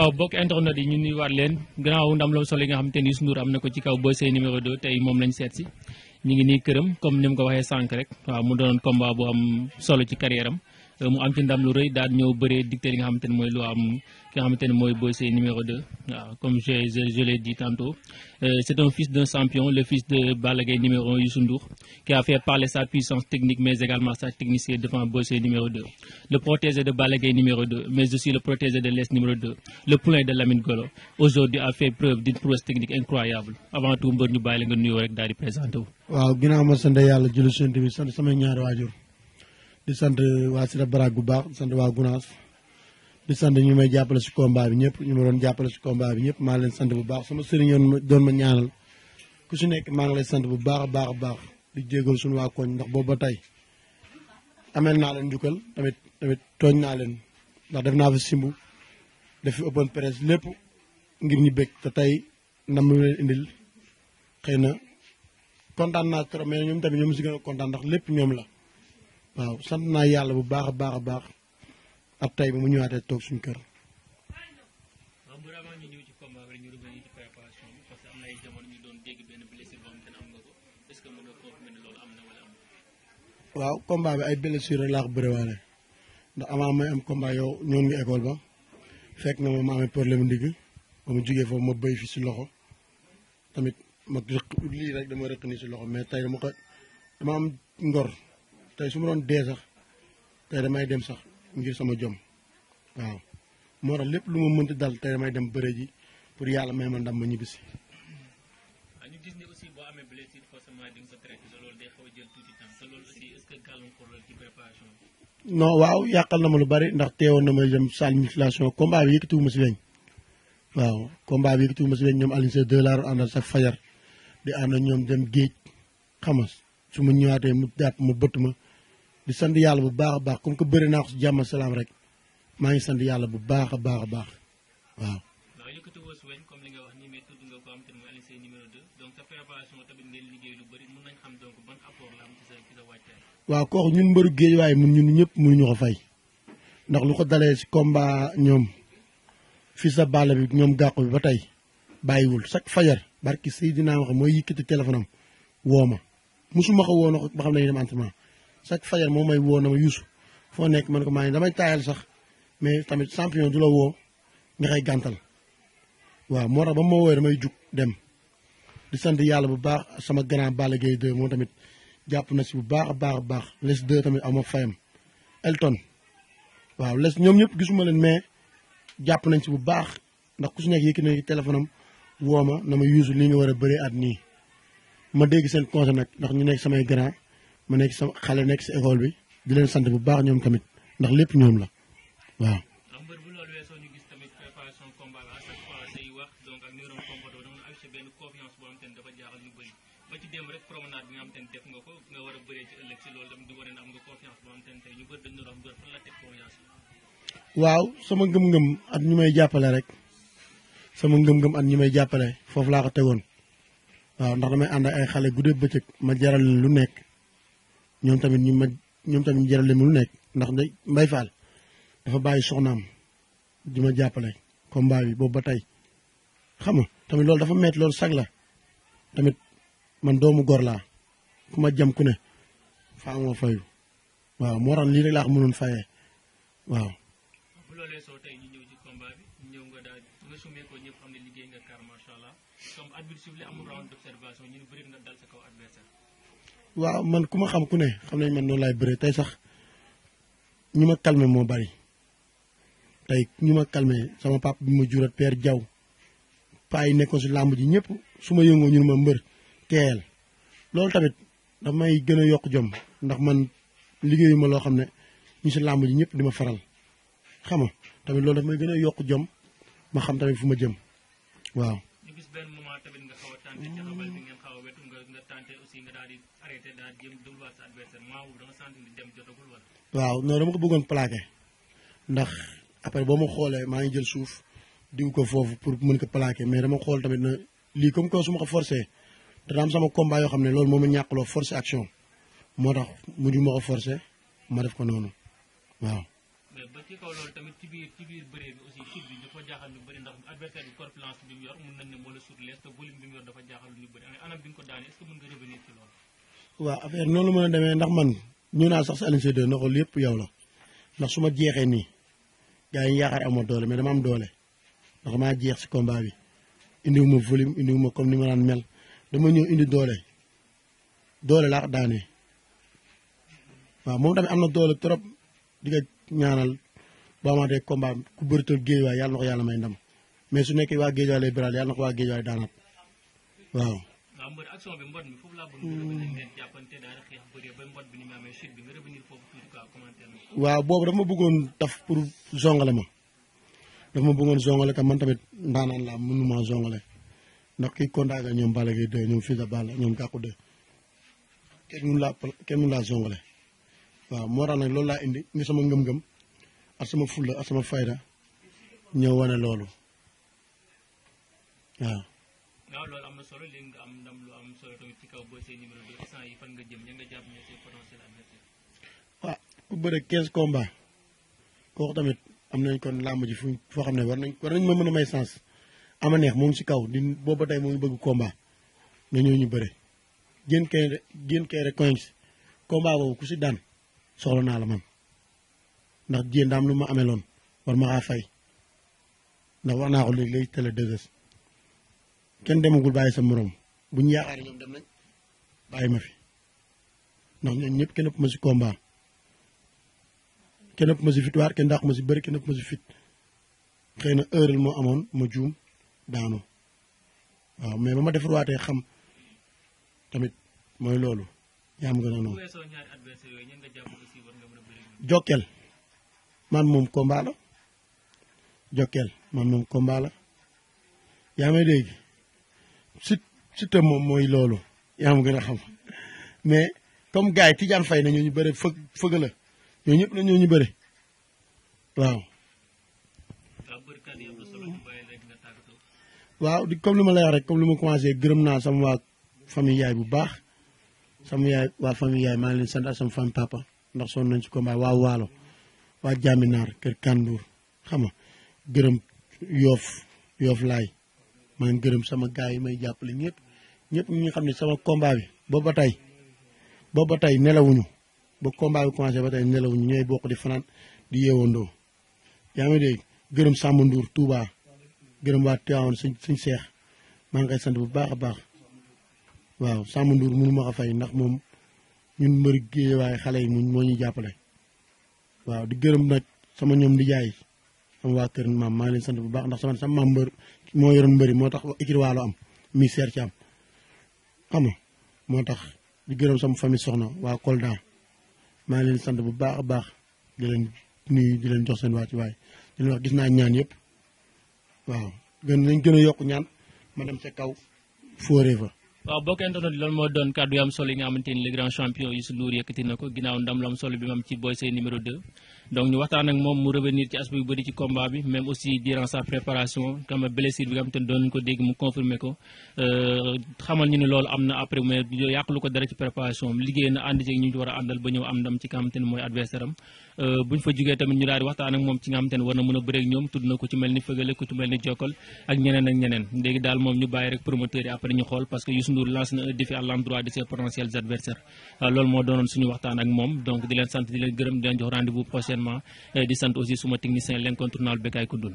waaw bokk internet yi ñu nuyuwaat leen gannaaw ndam loolu solo yi nga xam te ni Youssou am na ko ci kaw Boy Seye numéro 2 tey moom lañu seet si ñu ngi nii këram comme ni mu ko waxee sànq rek waaw mu doonoon combat bu am solo ci carrière am mu am ci ndam lu reuy daal ñëw bëré dicté li nga xamante moy lu am ki nga xamante moy bossé numéro 2 comme je je je l'ai dit tantôt euh, c'est un fils d'un champion le fils de Balla numéro 1 Youssou Ndour qui a fait parler sa puissance technique mais également sa technicité devant bossé numéro 2 le protégé de Balla numéro 2 mais aussi le protégé de l'Est numéro 2 le poulain de Lamine Golo aujourd'hui a fait preuve d'une prouesse technique incroyable avant tout mbër ñu bàyyi nga nuyoo rek daal di présenté wu waaw ginnaaw ma sant yàlla julli sant bi di sant wa Sira Baraag bu baax di sant waa Gunaas di sant ñu may jàppale ci combat bi ñepp ñu ma doon jàppale ci combat bi ñepp ma leen sant bu baax sama serigne yoon doon ma ñaanal ku ci nekk ma ngi lay sant bu baax baax baax di jéggal suñu wa koñ ndax bo ba tay amel na leen njukkal tamit tamit tooñ na leen ndax def na fi simbu def fi open press lepp ngir ñu bekk ta tay ndam lu leen indil xëy na trop mais ñoom tamit ñoom ci gëna a ndax lepp ñoom la waaw sant naa yàlla bu baax a baax a baax ab tey bi mu ñëwaatee toog suñu kër. waaw combat bi ay blessure rek laa ko bëriwaale ndax avant may am combat yow ñoon nga école ba fekk na ma ma amee problème ndigg ba mu jugee foofu ma béy fi si loxo tamit ma rëq lii rek dama rëq nii si loxo mais tey dama ko dama am ngor. tey su ma doon dee sax tey damay dem sax ngir sama jom waaw lépp lu ma mënti dal tey damay dem bëre ji pour yàlla ma ndam ma ñibbisi. Ah, ñu gis ne aussi boo amee la yàqal na ma lu bari ndax teewoon na may jëm salle musculation combat bi yëkkatiwuma si weñ waaw kombaa bi yëkkatiwuma si weñ ñoom Alioune Seye deux laa àndal sax fajar di ànd ñoom dem géej xamas su ma ñëwaatee mu jàpp ma bëtt ma di sant yàlla bu baax a baax comme que bëri naa jàmm salaam rek maa ngi sant yàlla bu baax a baax a baax waaw. waaw kooku ñun mbëru géej waaye mun ñun ñëpp mënuñu ko fay ndax lu ko dalee si combat ñoom fii sa bàll bi ñoom gàqu bi ba tey bàyyiwul chaque fajar barki Seydina wax mooy yëkkati téléphone am woo ma musuma ko woo na ko ba xam ne dem entraînement chaque fajar moom may woo na ma yuusu foo nekk man ko maa ngi damay taayal sax mais tamit champion du la woo nga gàntal waaw moo tax ma woowee damay jug dem di sant yàlla bu baax sama grand Balla gay 2 moom tamit jàpp na si bu baax a baax a baax les deux tamit ama fayam Elton waaw les ñoom ñëpp gisuma leen mais jàpp nañ si bu baax ndax ku si nekk yëkki na téléphone woo ma na ma yuusu li nga war a bëree at nii ma dégg seen conseil nag ndax ñu nekk samay grand ma nekk sama xale nekk si école bi di leen sant bu baax ñoom tamit ndax lépp ñoom la waaw. waaw sama ngëm-ngëm at ñu may jàppale rek sama ngëm-ngëm at ñi may jàppale foofu laa ko tegoon waaw ndax damay ànd ay xale guddee bëccëg ma jaral lu nekk ñoom tamit ñu ma ñoom tamit ñu jaral leen lu nekk ndax mbay Fall dafa bàyyi soxnaam di ma jàppale combat bi boobu ba tey xam nga tamit loolu dafa metti loolu sag la tamit man doomu gor laa ku ma jam ku ne faa moo fayu waaw moo tax lii rek laa ko mënoon fayee waaw. soo tey ñu ñëw ci combat xam ne liggéey nga kàr comme arbitre sifflé amul round d'observation ñu bëri na waaw man ku ma xam ku ne xam nañ man noonu laay bëree tey sax ñu ma calmé moo bari tey ñu ma calmé sama papa bi ma jurat Père Diaw paa yi nekkoon si làmb ji ñëpp su ma yëngoo ñu ma mbër teel loolu tamit daf may gën a yokk jom ndax man liggéeyu ma loo xam ne ñu si làmb ji ñëpp di ma faral xam nga tamit loolu daf may gën a yokk jom ma xam tamit fu ma jëm waaw. gis benn moment tamit a tànte a wetu nga nga tànte aussi nga daal di arrêté daal jëm dégluwaat sa ko bëggoon plaqué ndax après boo ma xoolee maa ngi jël suuf diw ko foofu pour mën ko plaqué mais dama xool tamit na lii comme que su ma ko forcé dana am sama combat yoo xam ne loolu moo ma loo force action moo tax mujj ma ko forcé ma def ko noonu waaw. mais ba ci kaw loolu tamit ci biir ci biir bëree bi aussi kit bi dafa jaaxal ñu bëri ndax adversaire bi corpulence bi mu yor mun nañ ne moo la surlees te volume bi mu yor dafa jaaxal ñu bëri anam bi nga ko daane est ce que mën nga revenir ci loolu waaw affaire noonu mën a demee ndax man ñu naa sax si Alioune na ko lépp yow la ndax su ma jeexee nii gars yi yaakaar amoo doole mais dama am doole ndax maa jeex si combat bi volume indiwuma comme ni ma daan mel dama ñëw indi doole doole laa daanee waaw moom tamit am na doole trop di nga ñaanal boo xamante combat ku bërital géejawaay yàlla na ko yàlla may ndam mais su nekkee waa géejawaay lay biral yàlla na ko waa géejawaay daanaat waaw. waaw mbër action bi mbot taf pour zongale ma dafa ma bëggoon zongale te man tamit ndaanaan laa mënuma zongale ndax ki kontaan ak ñoom Balla Gaye 2 ñoom Fils de ñoom Gackou 2 kenn mënu laa laa zongale waaw moo tax nag loolu laa indi indi sama ngëm-ngëm ak sama fulla ak sama fayda ñëw wane loolu waaw. waaw am na solo léegi am lu am solo ci kaw booy seen numéro deux nga jëm ña nga jàpp ne seen potentiel adversaire. Ah, ku bëre 15 combats kooku tamit am nañ kon làmb ji fu foo xam ne war nañ war nañ ma mën a may sens ama neex mu ngi si kaw di booba tey ngi bëgg combat na ñëw ñu bëre génn kay génn kay rek coins combat boobu ku si daan. soxla naa la man ndax jigéen daam lu ma ameloon war ma xaa fay ndax wax naa ko léegi léegi télé dëgës kenn demagul bàyyi sa morom bu ñu yaakaar ñoom dem nañ bàyyi ma fi ndax ñoom ñëpp kenn ëpp ma si combat kenn ëpp ma si victoire kenn dàq ma si bari kenn ëpp ma si fit xëy na heure moo amoon ma juum daanu waaw mais ba ma defarwaatee xam tamit mooy loolu yaa am gën a noonu Jokkel man moom combat la Jokkel man moom combat la yaa may dégg si moom mooy loolu yaa am gën a xam mais comme gars yi Tidiane Faye na ñoo ñu bëre fëg fëg la ñoo ñëpp la ñoo ñu bëre waaw. di comme lu ma lay wax rek comme li ma commencé gërëm naa sama waa famille bu baax. sama yaay waa famille yaay maa ngi leen sant ak sama fam papa ndax sonn nañ ci combat waa waalo waa jaaminaar kër kandour xam nga gërëm yoof yoof laay maa ngi gërëm sama gars yi may jàppale ñëpp ñëpp ñi xam ne sama combat bi boobu ba tey boobu ba tey nelawuñu ba combat bi commencé ba tey nelawuñu ñooy bokk di fanaan di yeewandoo yaa ngi dégg gërëm Samba Ndour Touba gërëm waa Tivaouane suñ seex maa ngi koy sant bu baax a baax waaw sàmm Ndour mënu ma ko fay ndax moom ñun mbëri waaye xale yi mu moo ñuy jàppale waaw di gërëm nag sama ñoom di jaay sama waa kër maam maa ngi leen bu baax ndax sama sama maam mbër moo yoroon mbëri moo tax ikir waalo am mi ci am moo tax di gërëm sama famille soxna waa Kolda maa ngi leen sant bu baax a baax di leen nuyu di leen jox seen waa ci di leen wax gis naa ñaan yëpp waaw gën gën a yokk ñaan ma dem ca kaw fóoree fa waaw bokk internet loolu moo doon kàddu yu am solo yi nga xamante ni le grand champion Youssou Ndour yëkkati na ko ginnaaw ndam lu am bi moom ci Boy Seye numéro 2 donc ñu waxtaan ak mom mu revenir ci aspect bu bari ci combat bi même aussi durant sa préparation comme blessure bi nga xam doon ko dégg mu confirmer ko euh xamal ñu ni loolu am na après mais lu ko dara ci préparation liggéey na ànd ci ñu war a àndal ba ñëw am ndam ci nga xam te mooy adversaire am euh buñ fa jugee tamit ñu daal di waxtaan ak moom ci nga xam te ne war na mën a bëreeg ñoom tudd na ku ci mel ni fëgale ku ci mel ni jokkal ak ñeneen ak ñeneen léegi daal moom ñu bàyyi rek promoteur yi après ñu xool parce que Youssou Ndour lance na un défi à l'endroit de ses potentiels adversaires euh, loolu moo doonoon suñu waxtaan ak moom donc di leen sant di leen gërëm di leen jox rendez-vous prochaine également euh, di sant aussi suma technicien l' incontournable Bekay Koundoul